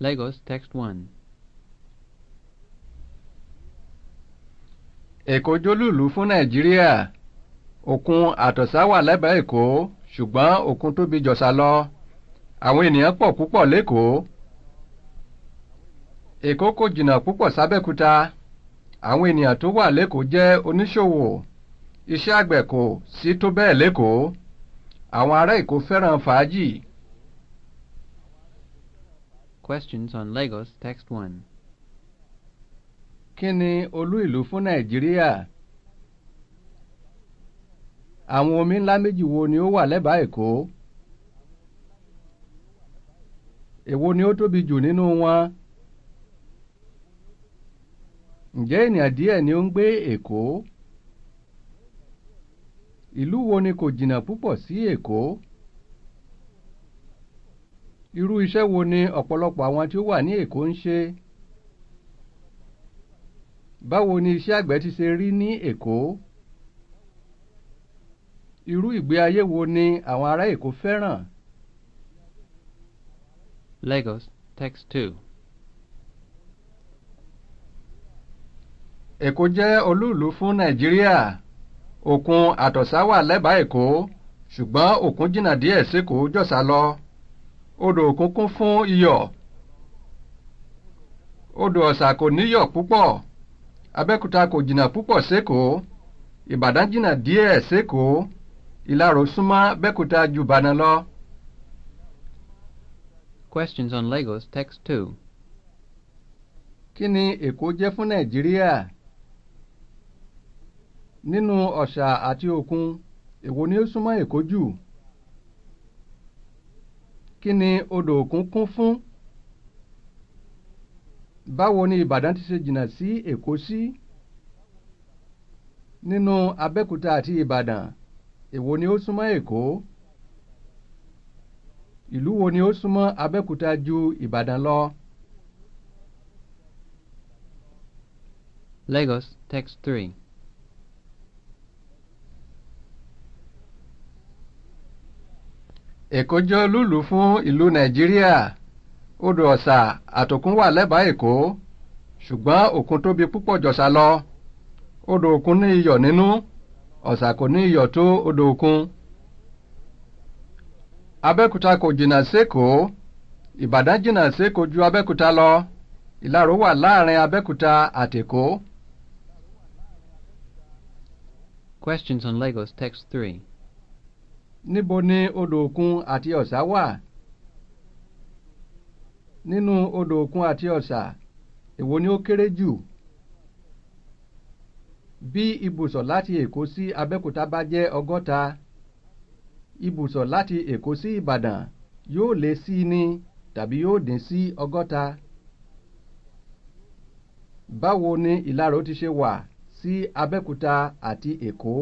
Lagos text 1. Èkó jólùlù fún Nàìjíríà òkun àtọ̀sá wà lẹ́bàá Èkó ṣùgbọ́n òkun tóbi jọ̀sà lọ àwọn ènìyàn pọ̀ púpọ̀ lÉkòó. Èkó kò jìnnà púpọ̀ sábẹ́kúta àwọn ènìyàn tó wà lÉkòó jẹ́ oníṣòwò iṣẹ́ àgbẹ̀ kò sí tó bẹ́ẹ̀ lÉkòó àwọn ará Èkó fẹ́ràn fàájì. Questions on Lagos, Text 1. Kí olú ìlú fún Nàìjíríà? Àwọn omi ńlá méjì wo ni ó wà lẹ́bàá Èkó? Èwo ni ó tóbi jù nínú wọn? Ǹjẹ́ ènìyàn díẹ̀ ni ó ń gbé Èkó? Ìlú wo ni kò jìnnà púpọ̀ sí Èkó? irú iṣẹ́ wo ni ọ̀pọ̀lọpọ̀ àwọn tí ó wà ní Èkó ń ṣe? Báwo ni iṣẹ́ àgbẹ̀ ti ṣe rí ní Èkó? Irú ìgbé ayé wo ni àwọn ará Èkó fẹ́ràn? Lagos, text two. Èkó jẹ́ olúùlú fún Nàìjíríà. Òkun Àtọ̀sá wà lẹ́bàá Èkó, ṣùgbọ́n òkun jìnnà díẹ̀ sékòó jọ̀sà lọ. Odò kò fún iyọ̀. Odò ọ̀sà kò níyọ̀ púpọ̀. Abẹ́kúta kò jìnnà púpọ̀ sékòó. Ìbàdàn jìnnà díẹ̀ sékòó. Ìlaró súnmọ́ Bẹ́kúta ju Ìbàdàn lọ. Questions on Lagos, text two. Kí ni Èkó jẹ́ fún Nàìjíríà? Nínú ọ̀sà àti òkun, èwo ni ó súnmọ́ Èkó jù? kí ni odò òkun kún fún báwo ni Ìbàdàn ti ṣe jìnnà sí Èkó sí nínú Abẹ́òkúta àti Ìbàdàn èwo ni ó súnmọ́ Èkó ìlú wo ni ó súnmọ́ Abẹ́òkúta ju Ìbàdàn lọ. Lagos text three. èkó jẹ́ olúùlú fún ìlú nàìjíríà odò ọ̀sà àtòkún wà lẹ́bàá èkó ṣùgbọ́n òkun tóbi púpọ̀ jọ̀sà lọ odò òkun ní iyọ̀ nínú ọ̀sà kò ní iyọ̀ tó odò òkun. abẹ́kúta kò jìnnà sékòó ìbàdàn jìnnà sékòó ju abẹ́kúta lọ ìlaró wà láàrin abẹ́kúta àtèkó. Questions on Lagos, text Three níbo ni odò òkun àti ọ̀sà wà? nínú odò òkun àti ọ̀sà èwo ni ó kéré jù? bí ibùsọ̀ láti èkó sí abẹ́òkúta bá jẹ́ ọgọ́ta ibùsọ̀ láti èkó sí ìbàdàn yóò lé sí i ní tàbí yóò dín sí ọgọ́ta. báwo ni ìlarò ti ṣe wà sí abẹ́òkúta àti èkó?